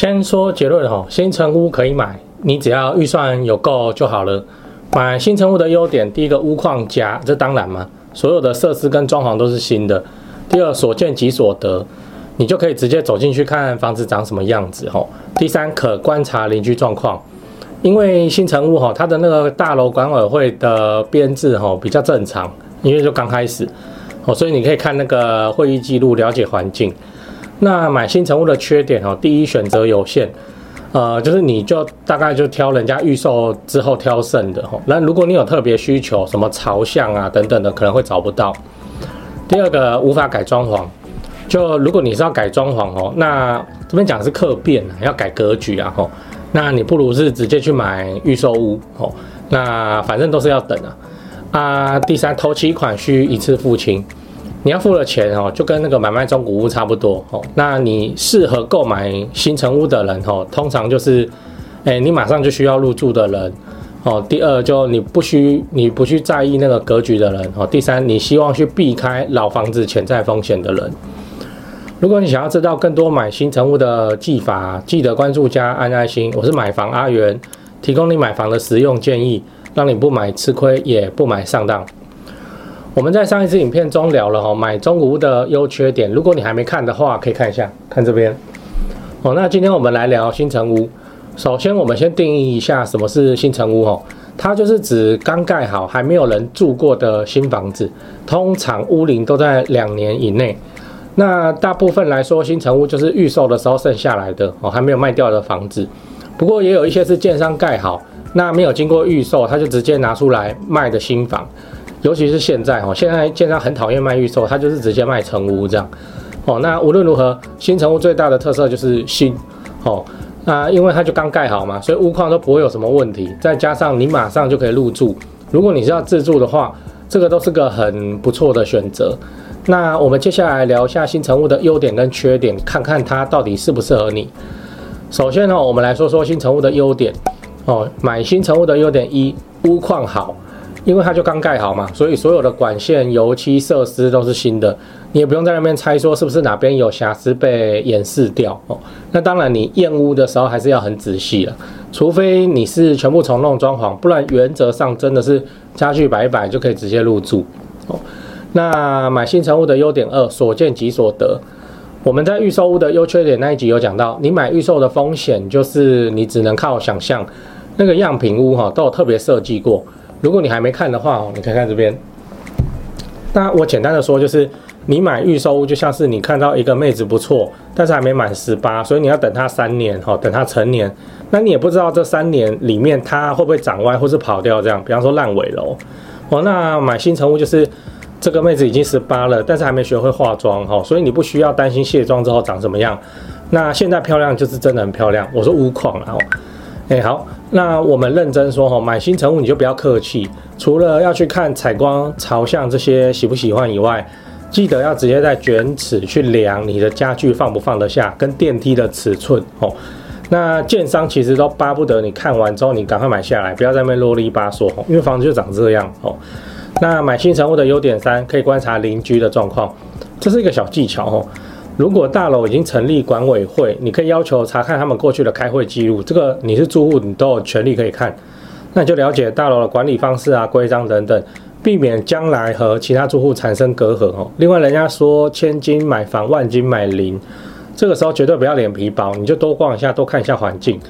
先說結論哈，新成屋可以買，你只要預算有夠就好了。買新成屋的優點，第一個屋況佳，這當然嘛，所有的設施跟裝潢都是新的。第二，所見即所得，你就可以直接走進去看房子長什麼樣子哈。第三，可觀察鄰居狀況，因為新成屋哈，它的那個大樓管委會的編制哈比較正常，因為就剛開始哦，所以你可以看那個會議記錄了解環境。那買新成屋的缺點哦，第一選擇有限，呃，就是你就大概就挑人家預售之後挑剩的哈。那如果你有特別需求，什麼朝向啊等等的，可能會找不到。第二個，無法改裝潢，就如果你是要改裝潢哦，那這邊講的是客變，要改格局啊吼，那你不如是直接去買預售屋哦。那反正都是要等的啊，啊。第三，頭期款需一次付清。你要付了錢哦，就跟那個買賣中古屋差不多哦。那你適合購買新成屋的人哦，通常就是、欸，你馬上就需要入住的人哦。第二，就你不需你不去在意那個格局的人哦。第三，你希望去避開老房子潛在風險的人。如果你想要知道更多買新成屋的技法，記得關注加按愛心。我是買房阿元，提供你買房的實用建議，讓你不買吃虧也不買上當。我們在上一次影片中聊了哈、哦、買中古屋的優缺點，如果你還沒看的話，可以看一下，看這邊。哦，那今天我們來聊新成屋。首先，我們先定義一下什麼是新成屋哦，它就是指剛蓋好還沒有人住過的新房子，通常屋齡都在兩年以內。那大部分來說，新成屋就是預售的時候剩下來的哦，還沒有賣掉的房子。不過也有一些是建商蓋好，那沒有經過預售，他就直接拿出來賣的新房。尤其是現在哦，現在建商很討厭賣預售，他就是直接賣成屋這樣。哦，那無論如何，新成屋最大的特色就是新。哦，那、啊、因為它就剛蓋好嘛，所以屋況都不會有什麼問題。再加上你馬上就可以入住，如果你是要自住的話，這個都是個很不錯的選擇。那我們接下來聊一下新成屋的優點跟缺點，看看它到底適不適合你。首先呢，我們來說說新成屋的優點。哦，買新成屋的優點一，屋況好。因為它就剛蓋好嘛，所以所有的管線、油漆、設施都是新的，你也不用在那邊猜說是不是哪邊有瑕疵被掩飾掉哦。那當然，你驗屋的時候還是要很仔細了，除非你是全部重弄裝潢，不然原則上真的是家具擺一擺就可以直接入住哦。那買新成屋的優點二，所見即所得。我們在預售屋的優缺點那一集有講到，你買預售的風險就是你只能靠想象，那個樣品屋哈都有特別設計過。如果你還沒看的話哦，你看看這邊。那我簡單的說，就是你買預售屋，就像是你看到一個妹子不錯，但是還沒滿十八，所以你要等她三年哈，等她成年。那你也不知道這三年裡面她會不會長歪或是跑掉這樣。比方說爛尾樓，哦，那買新成屋就是這個妹子已經十八了，但是還沒學會化妝哈，所以你不需要擔心卸妝之後長什麼樣。那現在漂亮就是真的很漂亮，我說無礦啊。誒、欸，好，那我們認真說哈，買新成屋你就不要客氣，除了要去看採光、朝向這些喜不喜歡以外，記得要直接帶捲尺去量你的家具放不放得下，跟電梯的尺寸哦。那建商其實都巴不得你看完之後你趕快買下來，不要在那邊囉里吧嗦哦，因為房子就長這樣哦。那買新成屋的優點三，可以觀察鄰居的狀況，這是一個小技巧哦。如果大樓已經成立管委會，你可以要求查看他們過去的開會記錄。這個你是住戶，你都有權利可以看。那你就了解大樓的管理方式啊、規章等等，避免將來和其他住戶產生隔閡哦。另外，人家說千金買房，萬金買鄰，這個時候絕對不要臉皮薄，你就多逛一下，多看一下環境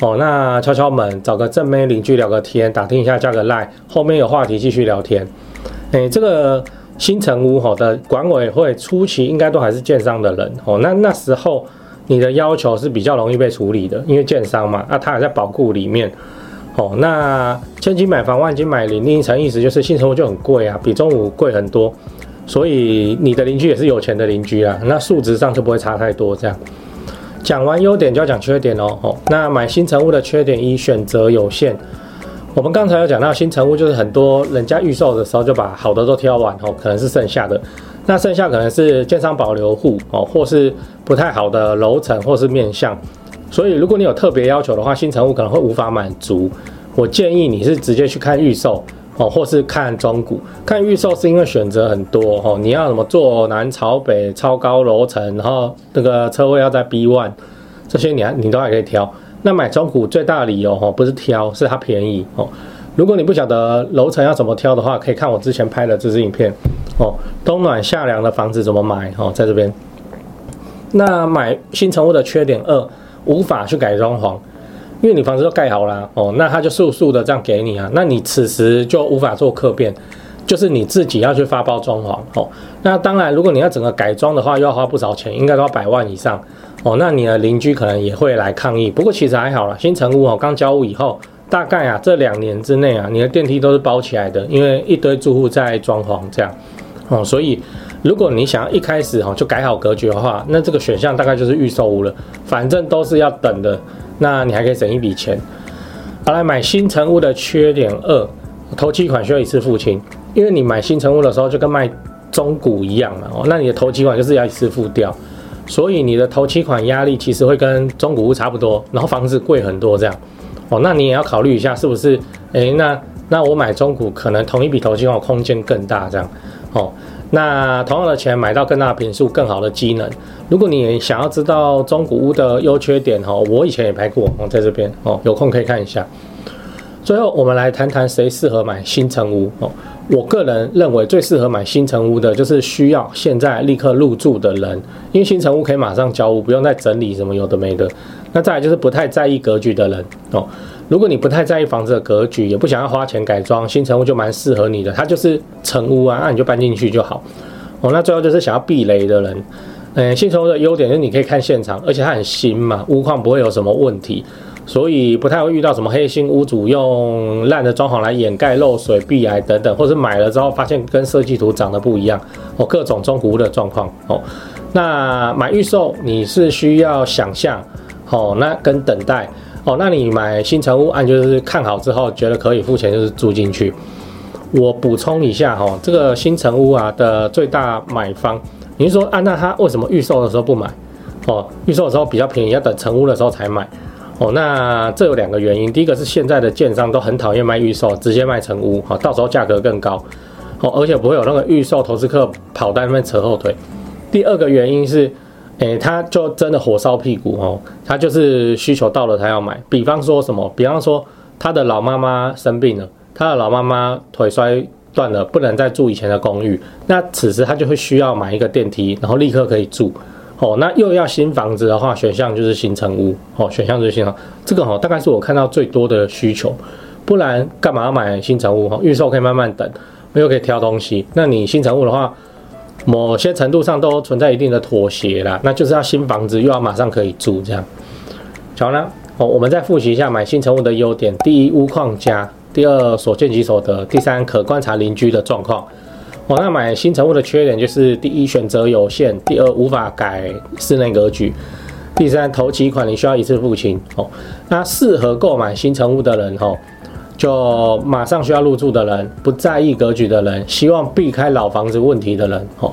哦。那敲敲門，找個正妹鄰居聊個天，打聽一下加個 LINE，後面有話題繼續聊天。誒。這個。新成屋吼的管委會初期應該都還是建商的人哦，那那時候你的要求是比較容易被處理的，因為建商嘛，啊他還在保固裡面，哦，那千金買房萬金買鄰，另一層意思就是新成屋就很貴啊，比中古貴很多，所以你的鄰居也是有錢的鄰居啊，那數值上就不會差太多。這樣講完優點就要講缺點哦，哦，那買新成屋的缺點一，選擇有限。我們剛才有講到新成屋，就是很多人家預售的時候就把好的都挑完哦，可能是剩下的，那剩下可能是建商保留戶哦，或是不太好的樓層或是面向，所以如果你有特別要求的話，新成屋可能會無法滿足。我建議你是直接去看預售哦，或是看中古。看預售是因為選擇很多哦，你要什麼坐南朝北、超高樓層，然後那個車位要在 B one，這些你還你都還可以挑。那買中古最大的理由吼，不是挑，是它便宜哦。如果你不曉得樓層要怎麼挑的話，可以看我之前拍的這支影片哦。冬暖夏涼的房子怎麼買哦，在這邊。那買新成屋的缺點二，無法去改裝潢，因為你房子都蓋好了哦，那他就速速的這樣給你啊，那你此時就無法做客變。就是你自己要去發包裝潢哦。那當然，如果你要整個改裝的話，又要花不少錢，應該都要百萬以上哦。那你的鄰居可能也會來抗議。不過其實還好了，新成屋哦，剛交屋以後，大概啊這兩年之內啊，你的電梯都是包起來的，因為一堆住戶在裝潢這樣哦。所以如果你想要一開始哦就改好格局的話，那這個選項大概就是預售屋了。反正都是要等的，那你還可以省一筆錢。好，來買新成屋的缺點二，頭期款需要一次付清。因為你買新成屋的時候就跟賣中古一樣嘛。哦，那你的頭期款就是要一次付掉，所以你的頭期款壓力其實會跟中古屋差不多，然後房子貴很多這樣，哦、喔，那你也要考慮一下是不是，誒、欸，那那我買中古可能同一筆頭期款空間更大這樣，哦、喔，那同樣的錢買到更大的坪數、更好的機能。如果你想要知道中古屋的優缺點哦、喔，我以前也拍過，我在這邊哦、喔，有空可以看一下。最後，我們來談談誰適合買新成屋哦。我個人認為最適合買新成屋的就是需要現在立刻入住的人，因為新成屋可以馬上交屋，不用再整理什麼有的沒的。那再來就是不太在意格局的人哦。如果你不太在意房子的格局，也不想要花錢改裝，新成屋就蠻適合你的，它就是成屋啊，啊，那你就搬進去就好。哦，那最後就是想要避雷的人，嗯，新成屋的優點就是你可以看現場，而且它很新嘛，屋況不會有什麼問題。所以不太會遇到什麼黑心屋主用爛的裝潢來掩蓋漏水、壁癌等等，或是買了之後發現跟設計圖長得不一樣，哦，各種中古屋的狀況哦。那買預售你是需要想象哦，那跟等待哦，那你買新成屋，按、啊、就是看好之後覺得可以付錢就是住進去。我補充一下哈、哦，這個新成屋啊的最大買方，你是說啊，那他為什麼預售的時候不買？哦，預售的時候比較便宜，要等成屋的時候才買。哦，那這有兩個原因，第一個是現在的建商都很討厭賣預售，直接賣成屋，到時候價格更高，哦，而且不會有那個預售投資客跑在那邊扯後腿。第二個原因是，哎，他就真的火燒屁股哦，他就是需求到了，他要買。比方說什麼？比方說他的老媽媽生病了，他的老媽媽腿摔斷了，不能再住以前的公寓，那此時他就會需要買一個電梯，然後立刻可以住。哦，那又要新房子的話，選項就是新成屋。哦，選項就是新成，這個哈、哦、大概是我看到最多的需求，不然幹嘛要買新成屋？哈、哦，預售可以慢慢等，又可以挑東西。那你新成屋的話，某些程度上都存在一定的妥協啦，那就是要新房子又要馬上可以住，這樣。講完哦，我們再複習一下買新成屋的優點：第一，屋況佳；第二，所見即所得；第三，可觀察鄰居的狀況。哦，那買新成屋的缺點，就是：第一，選擇有限；第二，無法改室內格局；第三，頭期款你需要一次付清。哦，那適合購買新成屋的人，哦，就馬上需要入住的人，不在意格局的人，希望避開老房子問題的人，哦。